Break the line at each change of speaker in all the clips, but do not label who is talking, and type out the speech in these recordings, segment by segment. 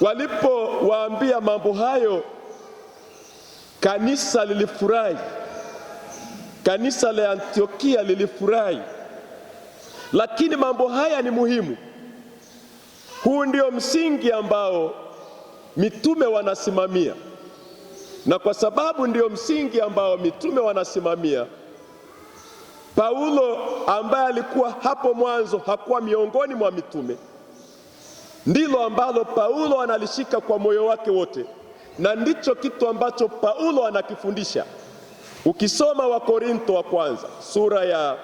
Walipowaambia mambo hayo, kanisa lilifurahi, kanisa la Antiokia lilifurahi. Lakini mambo haya ni muhimu. Huu ndio msingi ambao mitume wanasimamia, na kwa sababu ndio msingi ambao mitume wanasimamia, Paulo ambaye alikuwa hapo mwanzo hakuwa miongoni mwa mitume ndilo ambalo Paulo analishika kwa moyo wake wote, na ndicho kitu ambacho Paulo anakifundisha. Ukisoma Wakorintho wa kwanza sura ya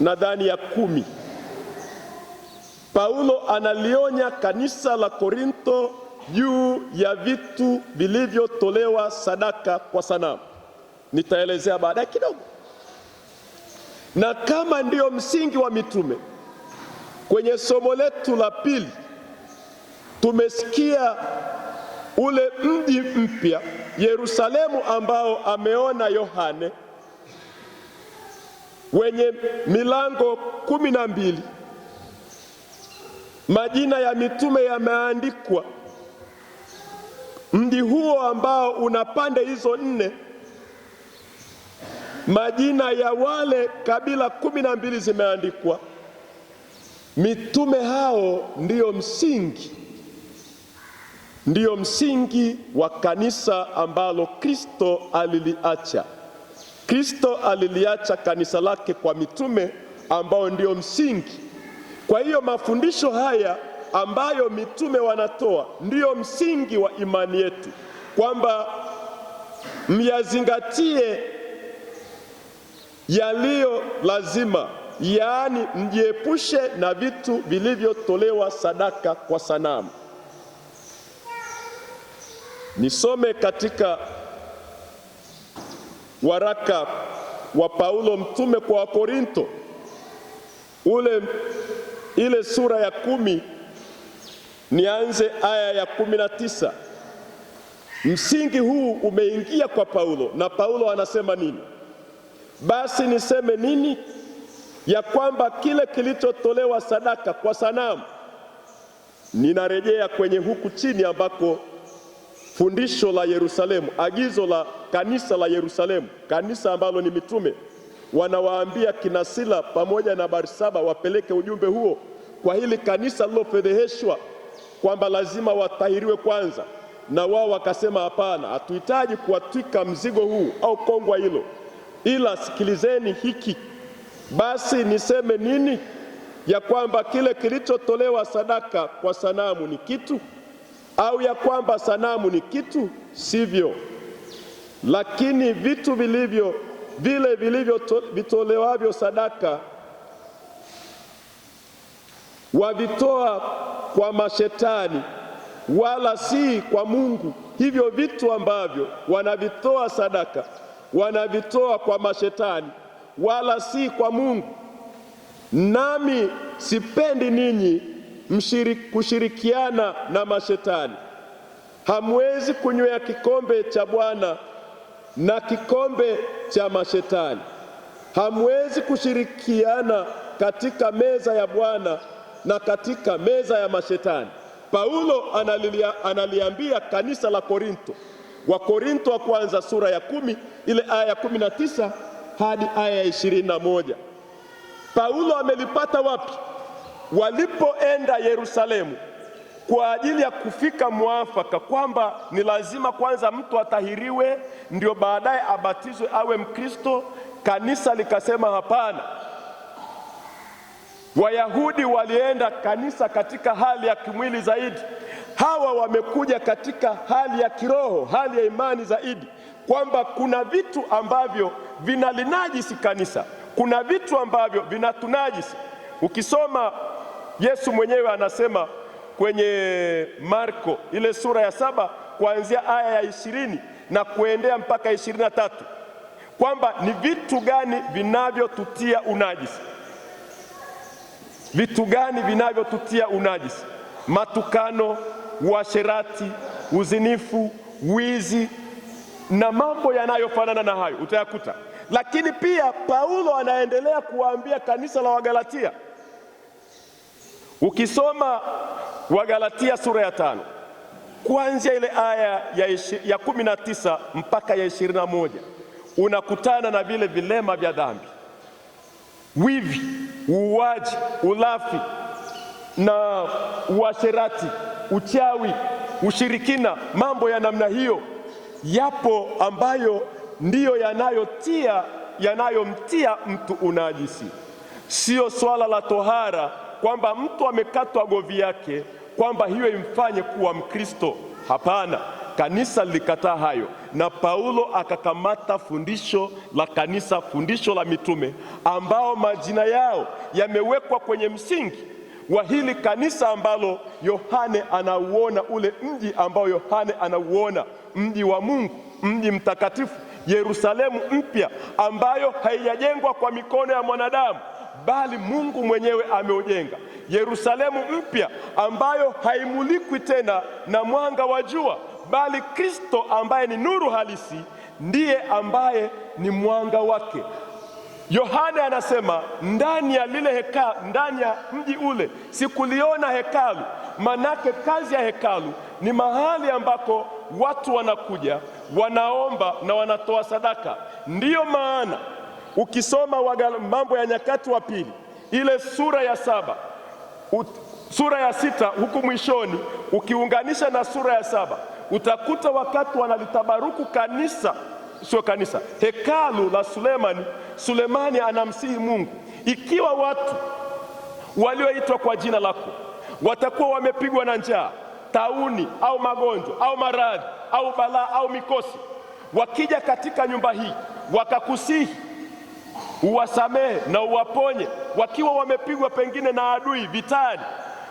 nadhani ya kumi, Paulo analionya kanisa la Korintho juu ya vitu vilivyotolewa sadaka kwa sanamu. Nitaelezea baadaye kidogo, na kama ndiyo msingi wa mitume Kwenye somo letu la pili tumesikia ule mji mpya Yerusalemu ambao ameona Yohane wenye milango kumi na mbili, majina ya mitume yameandikwa. Mji huo ambao una pande hizo nne, majina ya wale kabila kumi na mbili zimeandikwa. Mitume hao ndiyo msingi, ndiyo msingi wa kanisa ambalo Kristo aliliacha. Kristo aliliacha kanisa lake kwa mitume ambao ndiyo msingi. Kwa hiyo mafundisho haya ambayo mitume wanatoa ndiyo msingi wa imani yetu, kwamba myazingatie yaliyo lazima yaani mjiepushe na vitu vilivyotolewa sadaka kwa sanamu. Nisome katika waraka wa Paulo mtume kwa Wakorinto ule ile sura ya kumi, nianze aya ya kumi na tisa. Msingi huu umeingia kwa Paulo, na Paulo anasema nini? Basi niseme nini? ya kwamba kile kilichotolewa sadaka kwa sanamu, ninarejea kwenye huku chini ambako fundisho la Yerusalemu, agizo la kanisa la Yerusalemu, kanisa ambalo ni mitume, wanawaambia kina Sila pamoja na Barsaba wapeleke ujumbe huo kwa hili kanisa lilofedheheshwa kwamba lazima watahiriwe kwanza, na wao wakasema hapana, hatuhitaji kuwatwika mzigo huu au kongwa hilo, ila sikilizeni hiki basi niseme nini? Ya kwamba kile kilichotolewa sadaka kwa sanamu ni kitu? Au ya kwamba sanamu ni kitu? Sivyo. Lakini vitu vilivyo vile vilivyo vitolewavyo sadaka wavitoa kwa mashetani, wala si kwa Mungu. Hivyo vitu ambavyo wanavitoa sadaka wanavitoa kwa mashetani wala si kwa Mungu. Nami sipendi ninyi mshirik, kushirikiana na mashetani. Hamwezi kunywea kikombe cha Bwana na kikombe cha mashetani. Hamwezi kushirikiana katika meza ya Bwana na katika meza ya mashetani. Paulo analilia, analiambia kanisa la Korinto, wa Korinto wa kwanza sura ya kumi ile aya ya kumi na tisa hadi aya ya ishirini na moja. Paulo amelipata wapi? Walipoenda Yerusalemu kwa ajili ya kufika mwafaka kwamba ni lazima kwanza mtu atahiriwe ndio baadaye abatizwe awe Mkristo. Kanisa likasema hapana. Wayahudi walienda kanisa katika hali ya kimwili zaidi, hawa wamekuja katika hali ya kiroho, hali ya imani zaidi, kwamba kuna vitu ambavyo vinalinajisi kanisa. Kuna vitu ambavyo vinatunajisi. Ukisoma Yesu mwenyewe anasema kwenye Marko ile sura ya saba kuanzia aya ya ishirini na kuendea mpaka ishirini na tatu kwamba ni vitu gani vinavyotutia unajisi, vitu gani vinavyotutia unajisi: matukano, uasherati, uzinifu, wizi na mambo yanayofanana na hayo utayakuta. Lakini pia Paulo anaendelea kuwaambia kanisa la Wagalatia. Ukisoma Wagalatia sura ya tano kuanzia ile aya ya kumi na tisa mpaka ya ishirini na moja unakutana na vile vilema vya dhambi, wivi, uuaji, ulafi na uasherati, uchawi, ushirikina, mambo ya namna hiyo yapo ambayo ndiyo yanayotia yanayomtia mtu unajisi, siyo swala la tohara kwamba mtu amekatwa govi yake kwamba hiyo imfanye kuwa Mkristo. Hapana, kanisa lilikataa hayo, na Paulo akakamata fundisho la kanisa, fundisho la mitume ambao majina yao yamewekwa kwenye msingi wa hili kanisa ambalo Yohane anauona, ule mji ambao Yohane anauona, mji wa Mungu, mji mtakatifu Yerusalemu mpya ambayo haijajengwa kwa mikono ya mwanadamu bali Mungu mwenyewe ameujenga. Yerusalemu mpya ambayo haimulikwi tena na mwanga wa jua bali Kristo ambaye ni nuru halisi ndiye ambaye ni mwanga wake. Yohane anasema ndani ya lile hekalu, ndani ya mji ule sikuliona hekalu. Manake kazi ya hekalu ni mahali ambako watu wanakuja wanaomba na wanatoa sadaka. Ndiyo maana ukisoma Mambo ya Nyakati wa Pili ile sura ya saba ut, sura ya sita huku mwishoni ukiunganisha na sura ya saba utakuta wakati wanalitabaruku kanisa, sio kanisa, hekalu la Sulemani. Sulemani anamsihi Mungu, ikiwa watu walioitwa kwa jina lako watakuwa wamepigwa na njaa tauni au magonjwa au maradhi au balaa au mikosi, wakija katika nyumba hii wakakusihi uwasamehe na uwaponye, wakiwa wamepigwa pengine na adui vitani,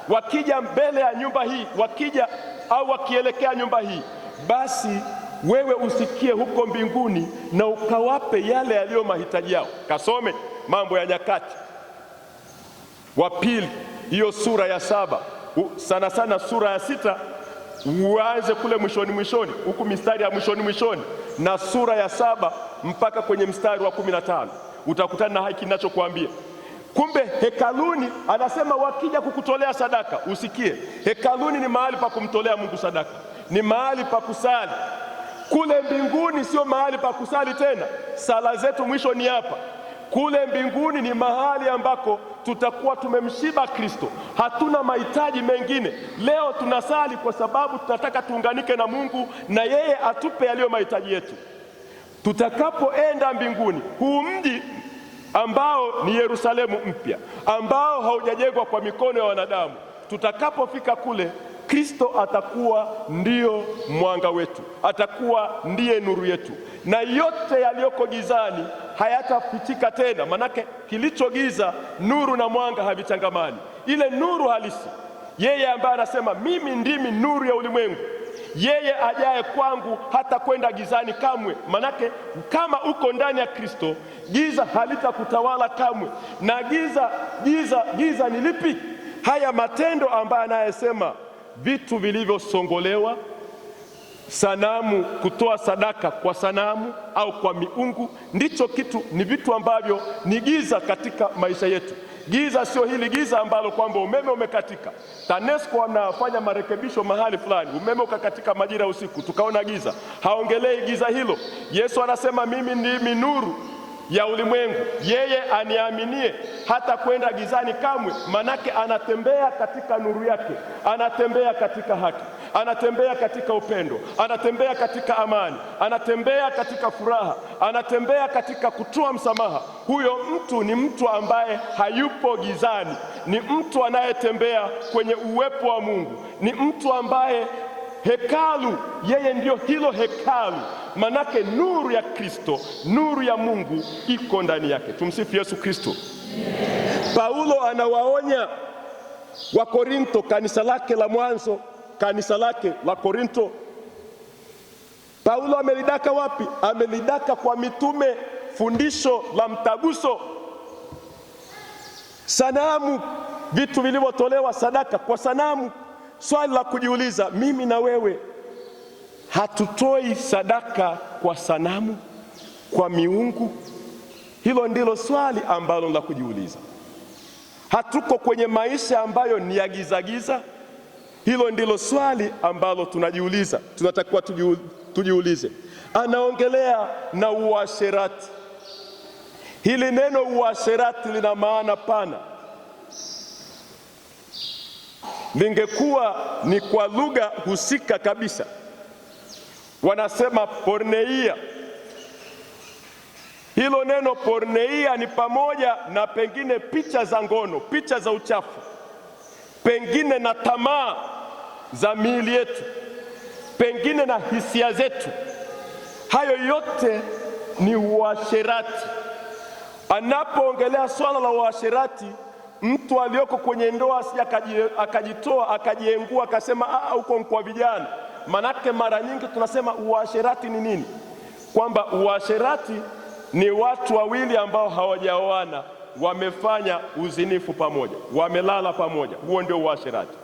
wakija mbele ya nyumba hii, wakija au wakielekea nyumba hii, basi wewe usikie huko mbinguni na ukawape yale yaliyo mahitaji yao. Kasome Mambo ya Nyakati wa Pili, hiyo sura ya saba sana sana sura ya sita uanze kule mwishoni mwishoni huku mistari ya mwishoni mwishoni, na sura ya saba mpaka kwenye mstari wa kumi na tano utakutana na haki ninachokuambia. Kumbe hekaluni, anasema wakija kukutolea sadaka usikie. Hekaluni ni mahali pa kumtolea Mungu sadaka, ni mahali pa kusali. Kule mbinguni sio mahali pa kusali tena, sala zetu mwisho ni hapa. Kule mbinguni ni mahali ambako tutakuwa tumemshiba Kristo, hatuna mahitaji mengine. Leo tunasali kwa sababu tunataka tuunganike na Mungu na yeye atupe yaliyo mahitaji yetu. Tutakapoenda mbinguni, huu mji ambao ni Yerusalemu mpya, ambao haujajengwa kwa mikono ya wanadamu, tutakapofika kule Kristo atakuwa ndiyo mwanga wetu, atakuwa ndiye nuru yetu, na yote yaliyoko gizani hayatapitika tena, manake kilichogiza nuru na mwanga havichangamani. Ile nuru halisi, yeye ambaye anasema mimi ndimi nuru ya ulimwengu, yeye ajaye kwangu hata kwenda gizani kamwe. Manake kama uko ndani ya Kristo, giza halitakutawala kamwe. Na giza giza giza ni lipi? Haya matendo ambayo anayesema vitu vilivyosongolewa sanamu, kutoa sadaka kwa sanamu au kwa miungu, ndicho kitu, ni vitu ambavyo ni giza katika maisha yetu. Giza sio hili giza ambalo kwamba umeme umekatika, TANESCO wanafanya marekebisho mahali fulani, umeme ukakatika majira ya usiku, tukaona giza. Haongelei giza hilo. Yesu anasema mimi ndimi nuru ya ulimwengu, yeye aniaminie hata kwenda gizani kamwe, manake anatembea katika nuru yake, anatembea katika haki anatembea katika upendo, anatembea katika amani, anatembea katika furaha, anatembea katika kutoa msamaha. Huyo mtu ni mtu ambaye hayupo gizani, ni mtu anayetembea kwenye uwepo wa Mungu, ni mtu ambaye hekalu yeye ndiyo hilo hekalu, manake nuru ya Kristo, nuru ya Mungu iko ndani yake. Tumsifu Yesu Kristo. Paulo anawaonya Wakorintho, kanisa lake la mwanzo kanisa lake la Korinto. Paulo amelidaka wapi? Amelidaka kwa mitume, fundisho la mtaguso, sanamu, vitu vilivyotolewa sadaka kwa sanamu. Swali la kujiuliza, mimi na wewe, hatutoi sadaka kwa sanamu, kwa miungu? Hilo ndilo swali ambalo la kujiuliza. Hatuko kwenye maisha ambayo ni ya gizagiza. Hilo ndilo swali ambalo tunajiuliza, tunatakiwa tujiulize. Anaongelea na uasherati. Hili neno uasherati lina maana pana, lingekuwa ni kwa lugha husika kabisa, wanasema porneia. Hilo neno porneia ni pamoja na pengine picha za ngono, picha za uchafu pengine na tamaa za miili yetu, pengine na hisia zetu. Hayo yote ni uasherati. Anapoongelea swala la uasherati, mtu aliyoko kwenye ndoa asija akajitoa akajiengua akasema ah, ah huko kwa vijana. Manake mara nyingi tunasema uasherati ni nini? Kwamba uasherati ni watu wawili ambao hawajaoana wamefanya uzinifu pamoja, wamelala pamoja. Huo ndio uasherati.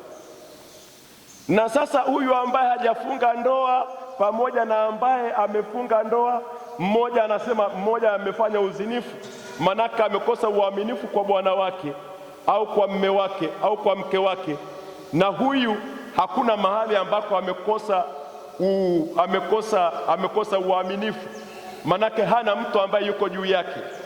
Na sasa huyu ambaye hajafunga ndoa pamoja na ambaye amefunga ndoa, mmoja anasema mmoja amefanya uzinifu, manake amekosa uaminifu kwa bwana wake au kwa mme wake au kwa mke wake, na huyu hakuna mahali ambako amekosa u, amekosa amekosa uaminifu, manake hana mtu ambaye yuko juu yake.